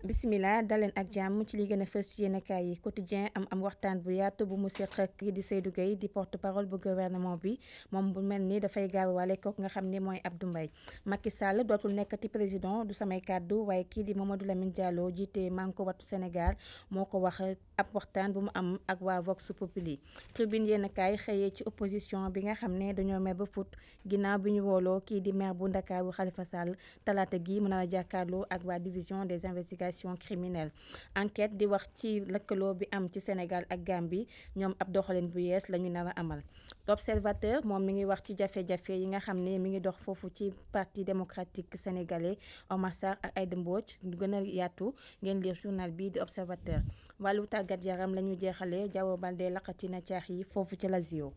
bisimila daleen ak jàmm ci li gën a fës ci yéenekaay yi quotidien am am waxtaan bu yaatu bu mu seq kii di Seydou Gueye di porte parole bu gouvernement bi moom bu mel ni dafay gaaruwaale kook nga xam ni mooy Abdou Mbaye Macky Sall dootul nekkati président du samay kàddu waaye kii di Mamadou Lamine Diallo jiite Manko Wattu Sénégal moo ko wax ab waxtaan bu mu am ak waa Vox Populi tribune yéenekaay xëyee ci opposition bi nga xam ne dañoo mer ba fut ginnaaw bi ñu wooloo kii di maire bu Ndakaaru Khalifa Sall talaata gi mën a jàkkaarloo ak waa division des investigations organisation criminelle enquête di wax ci lëkkaloo bi am ci Sénégal ak Gambie ñoom ab doxalin bu yees lañu ñu nar a amal observateur moom mi ngi wax ci jafe-jafe yi nga xam ne mi ngi dox foofu ci parti démocratique sénégalais Omar Sarr ak Aïda Mbodj du gën a yaatu ngeen lire journal bii di observateur wàllu tàggat yaram la ñu jeexalee Diao Baldé laqati na caax yi foofu ci Lazio